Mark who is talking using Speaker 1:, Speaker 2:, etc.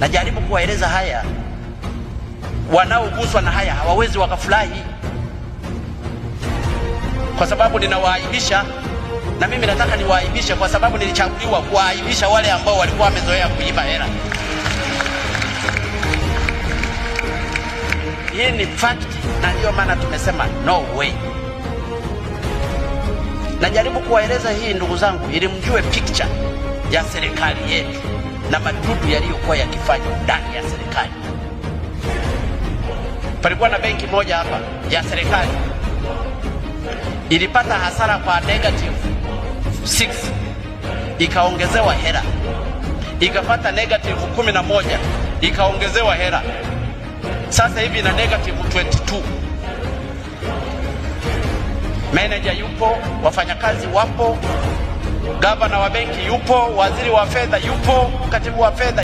Speaker 1: Najaribu kuwaeleza haya, wanaoguswa na haya hawawezi wakafurahi, kwa sababu ninawaaibisha, na mimi nataka niwaaibishe, kwa sababu nilichaguliwa kuwaaibisha wale ambao walikuwa wamezoea kuiba hela. Hii ni fact, na ndiyo maana tumesema no way. Najaribu kuwaeleza hii, ndugu zangu, ili mjue picture ya serikali yetu na madudu yaliyokuwa yakifanywa ndani ya serikali. Palikuwa na benki moja hapa ya serikali ilipata hasara kwa negative 6 ikaongezewa hela, ikapata negative 11 ikaongezewa hela, sasa hivi na negative 22. Meneja yupo, wafanyakazi wapo Gavana wa benki yupo, waziri wa fedha yupo, katibu wa fedha